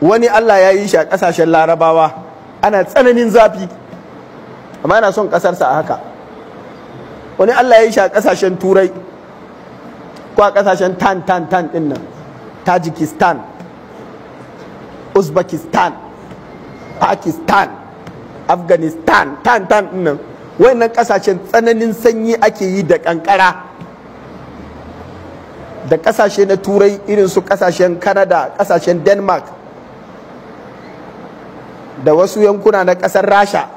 wani Allah ya yi shi a ƙasashen larabawa ana tsananin zafi amma yana son ƙasarsa a haka wani Allah ya yi shi a ƙasashen turai ko a ƙasashen tan tan tan ɗin nan tajikistan uzbekistan pakistan afghanistan tan tan ɗin nan wayannan ƙasashen tsananin sanyi ake yi da ƙanƙara da ƙasashe na turai irin su ƙasashen canada ƙasashen denmark da wasu yankuna na ƙasar rasha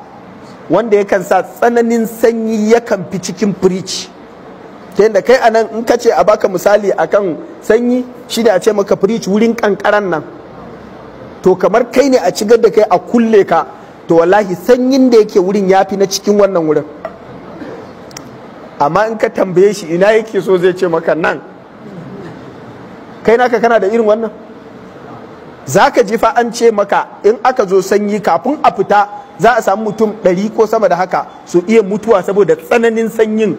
wanda yakan sa tsananin sanyi yakan fi cikin firici ta yadda kai anan in ka ce a baka misali a kan sanyi shi da a ce maka firici wurin kankaran nan to kamar kai ne a cigar da kai a kulle ka to wallahi sanyin da yake wurin ya fi na cikin wannan wurin amma in ka tambaye shi ina yake so zai ce maka nan kai naka kana da irin wannan za ka ji an ce maka in aka zo sanyi kafin a fita za a samu mutum ɗari ko sama da haka su iya mutuwa saboda tsananin sanyin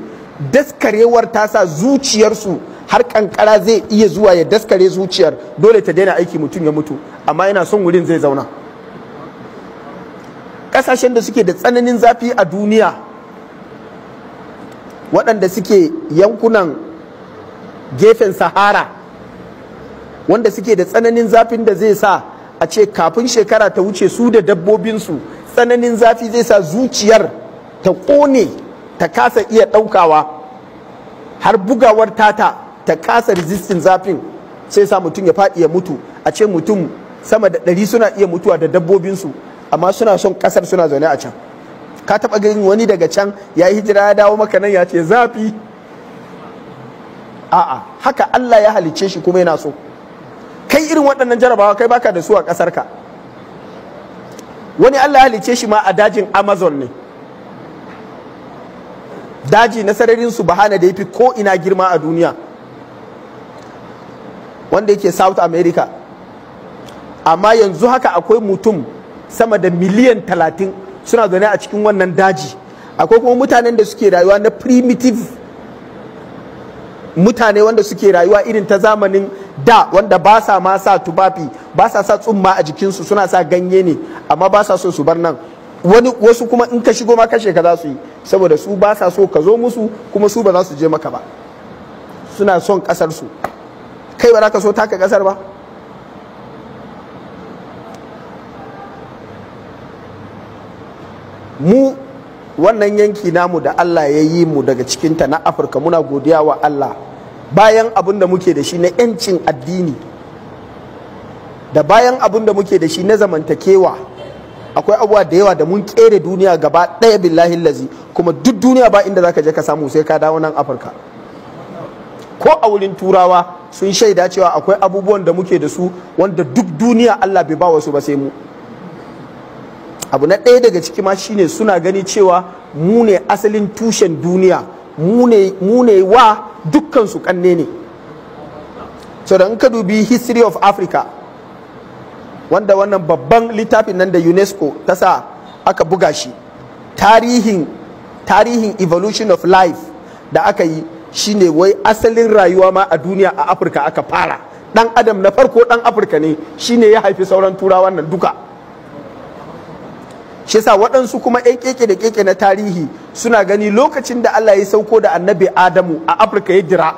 daskarewar ta sa zuciyarsu har kankara zai iya zuwa ya daskare zuciyar dole ta daina aiki mutum ya mutu amma yana son wurin zai zauna ƙasashen da suke da tsananin zafi a duniya waɗanda suke yankunan gefen sahara wanda suke da tsananin zafin da zai sa a ce kafin shekara ta wuce su da dabbobinsu tsananin zafi zai sa zuciyar ta kone ta kasa iya ɗaukawa har bugawar tata ta kasa resistin zafin sai sa mutum ya faɗi ya mutu a ce mutum sama da ɗari suna iya mutuwa da dabbobinsu amma suna son ƙasar suna zaune a can ka taɓa ganin wani daga can ya yi hijira ya dawo maka nan ya ce zafi a'a haka Allah ya halicce shi kuma yana so kai irin waɗannan jarabawa kai baka da su a ƙasar ka wani Allah ya halice shi ma a dajin Amazon ne daji na sararin su bahana da fi ko ina girma a duniya wanda yake South America amma yanzu haka akwai mutum sama da miliyan talatin suna zaune a cikin wannan daji akwai kuma mutanen da suke rayuwa na primitive mutane wanda suke rayuwa irin ta zamanin da wanda ba sa ma sa tufafi ba sa sa tsumma a jikinsu suna sa ganye ne amma ba sa so su bar nan wani wasu kuma in ka shigo ma kashe ka za su yi saboda su ba sa so ka zo musu kuma su ba za su je maka ba suna son kasar su kai ba za ka so taka kasar ba mu wannan yanki namu da Allah ya yi mu daga cikinta na Afirka muna godiya wa Allah bayan abin da muke da shi na 'yancin addini da bayan abin da muke da shi na zamantakewa akwai abuwa da yawa da mun kere duniya gaba ɗaya billahi lazi kuma duk duniya ba inda za ka je ka samu sai ka dawo nan afirka ko a wurin turawa sun shaida cewa akwai abubuwan da muke da su wanda duk duniya allah bai ba wasu ba sai mu abu na ɗaya daga ciki ma shine suna gani cewa mu ne asalin tushen duniya Mune wa dukkan su kanne ne so da ka dubi history of africa wanda wannan babban littafin nan da unesco ta sa aka buga shi tarihin tarihin evolution of life da aka yi shine wai asalin rayuwa ma a duniya a afirka aka fara dan adam na farko dan afirka ne shi ne ya haifi sauran turawan nan duka shi yasa waɗansu kuma ƴan keke da keke na tarihi suna gani lokacin da Allah ya sauko da annabi Adamu a Afirka ya dira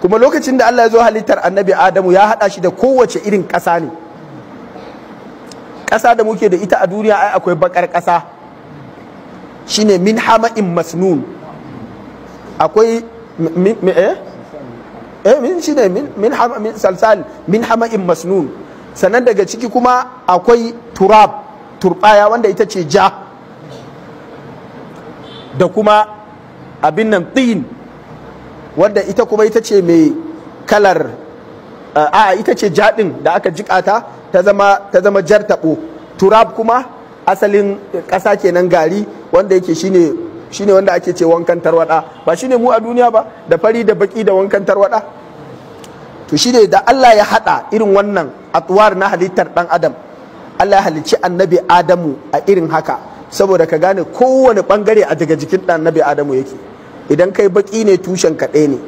kuma lokacin da Allah ya zo halittar annabi Adamu ya haɗa shi da kowace irin ƙasa ne ƙasa da muke da ita a duniya ai akwai bakar ƙasa shine min hama'in masnun akwai eh? eh min shi ne min min salsal min hama'in masnun sannan daga ciki kuma akwai turab turbaya wanda ita ce ja da kuma abin nan tin wanda ita kuma ita ce mai kalar eh, a ita ce jaɗin da aka jikata ta zama ta zama jar taɓo turab kuma asalin ƙasa kenan gari wanda yake shine shine wanda ake ce wankan tarwada ba shine mu a duniya ba da fari da baki da wankan tarwada to shine da Allah ya hada irin wannan atwar na halittar dan adam Allah ya halicci annabi Adamu a irin haka saboda ka gane kowane bangare a daga jikin dan annabi Adamu yake idan kai baki ne tushen ka ɗaya ne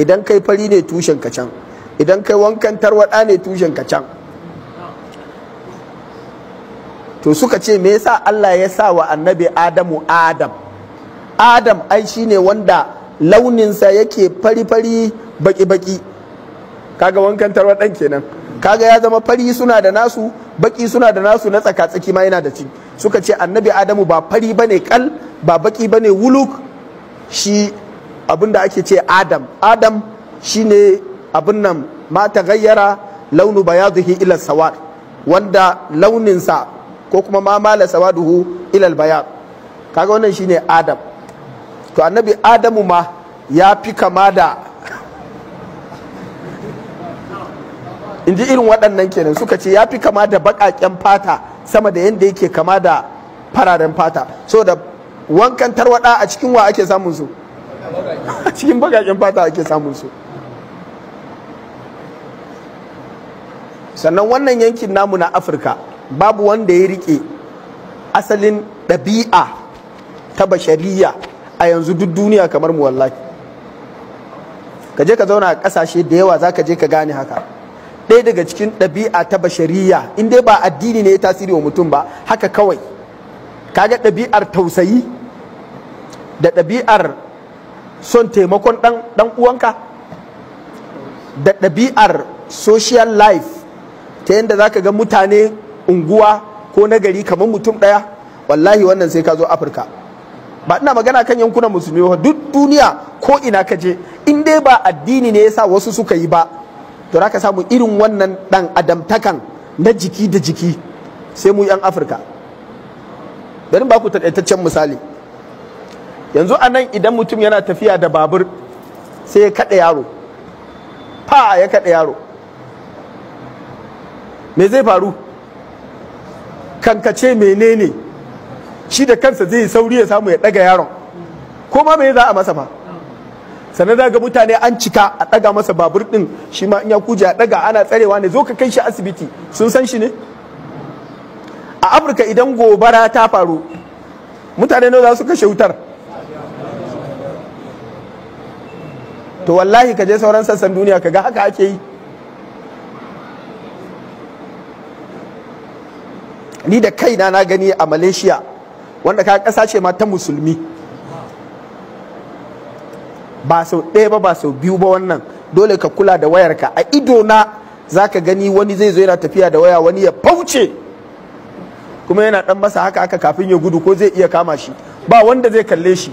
idan kai fari ne tushen ka can idan kai wankan tarwada ne tushen ka can to suka ce me yasa Allah ya sa wa annabi Adamu Adam adam ai shine wanda launinsa yake fari-fari baki-baki kaga wankan tarwar ɗan kenan kaga ya zama fari suna da nasu baki suna da nasu na tsaka-tsaki ma yana da ci suka ce annabi adamu ba fari bane kal ba baki bane wuluk shi abinda ake ce adam adam shine abin nan ma ta gayyara launu ba ya zuhi ilal sawar wanda launinsa ko kuma ma mala sawaduhu ilal bayan kaga wannan shine adam to annabi adamu ma ya fi kama da in ji irin waɗannan kenan suka ce ya fi kama da baƙaƙen fata sama da yadda yake kama da fararen fata so da wankan tarwaɗa a cikin wa ake samun su a cikin baƙaƙen fata ake samun su sannan wannan yankin namu na afirka babu wanda ya riƙe asalin ɗabi'a ta bashariya a yanzu duk duniya kamar mu wallahi ka je ka zauna a kasashe da yawa za ka je ka gane haka ɗaya daga cikin ɗabi'a ta bashariya in dai ba addini ne ya tasiri wa mutum ba haka kawai kaga ɗabi'ar tausayi da ɗabi'ar son taimakon ɗan uwanka da ɗabi'ar social life ta yadda za ka ga mutane unguwa ko nagari kamar mutum ɗaya wallahi wannan sai ka zo afirka ba ina magana kan yankunan musulmi ba duk duniya ko ina ka je in dai ba addini ne yasa wasu suka yi ba to za ka samu irin wannan dan adamtakan na jiki da jiki sai mu yan afirka bari ba ku taƙaitaccen misali yanzu a nan idan mutum yana tafiya da babur sai ya kaɗa yaro fa ya kaɗa yaro me zai faru kankace menene shi da kansa zai sauri ya samu ya daga yaron ko ma me za a masa ba. sannan za ga mutane an cika a daga masa babur din shi ma in ya kuje a daga ana tsarewa ne zo ka kai shi asibiti sun san shi ne a afirka idan gobara ta faru mutane nawa za su kashe wutar to wallahi ka je sauran sassan duniya ka ga haka ake yi ni da kaina na gani a malaysia wanda ka kasa ce ma ta musulmi ba sau ɗaya ba ba sau biyu ba wannan dole ka kula da wayarka a ido na za ka gani wani zai zo yana tafiya da waya wani ya fauce kuma yana dan masa haka haka kafin ya gudu ko zai iya kama shi ba wanda zai kalle shi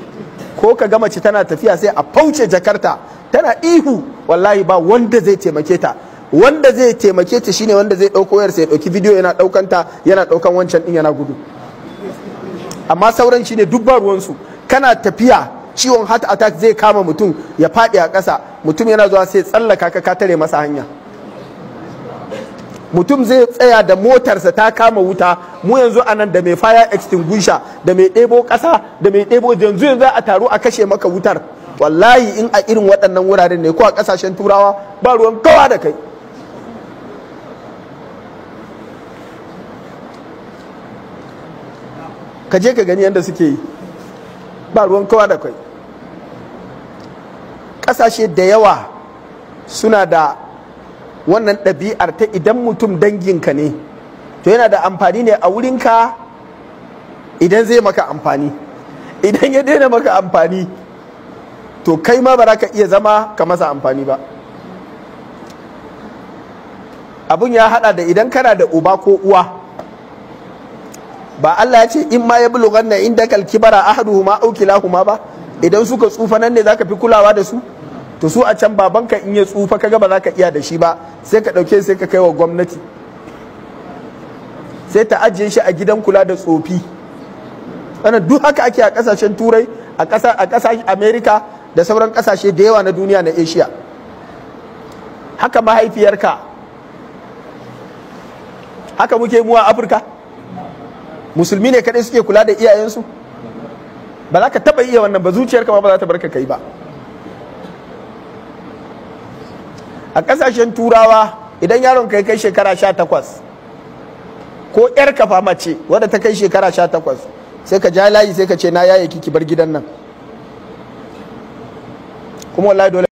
ko ka ga mace tana tafiya sai a fauce jakarta tana ihu wallahi ba wanda zai taimake ta wanda zai taimake ta shine wanda zai ɗauko wayar ya ɗauki bidiyo yana ta yana ɗaukan wancan ɗin yana gudu amma sauran shine duk ba ruwansu kana tafiya ciwon heart attack zai kama mutum ya faɗi a ƙasa mutum yana zuwa sai tsallaka ka ka tare masa hanya mutum zai tsaya da motarsa ta kama wuta mu yanzu a nan da mai fire extinguisher da mai ɗebo ƙasa da mai ɗebo yanzu yanzu a taru a kashe maka wutar wallahi in a irin waɗannan wuraren ne ko a ƙasashen turawa ba ruwan kawa da kai ka je ka gani yadda suke yi ba ruwan kowa da kai ƙasashe da yawa suna da wannan ɗabi'ar ta idan mutum danginka ne to yana da amfani ne a wurinka idan zai maka amfani idan ya daina maka amfani to kai ma ba ka iya zama ka masa amfani ba abun ya hada da idan kana da uba ko uwa ba Allah ya ce in ma ya bulughanna indaka bara kibara ahaduhuma aw kilahuma ba idan suka tsufa nan ne zaka fi kulawa da su to su a can babanka in ya tsufa kaga ba zaka iya da shi ba sai ka dauke sai ka kai wa gwamnati sai ta ajiye shi a gidan kula da tsofi Kana duk haka ake a kasashen turai a kasa a kasa America da sauran kasashe da yawa na duniya na Asia haka mahaifiyarka haka muke mu a Afirka musulmi ne kadai suke kula da iyayensu ba za ka taba iya wannan ba zuciyarka ma ba za ta barka kai ba a kasashen turawa idan yaron kai kai shekara sha takwas ko yar kafa mace wadda ta kai shekara sha takwas sai ka ja layi sai ka ce na yaye ki bar gidan nan kuma wallahi dole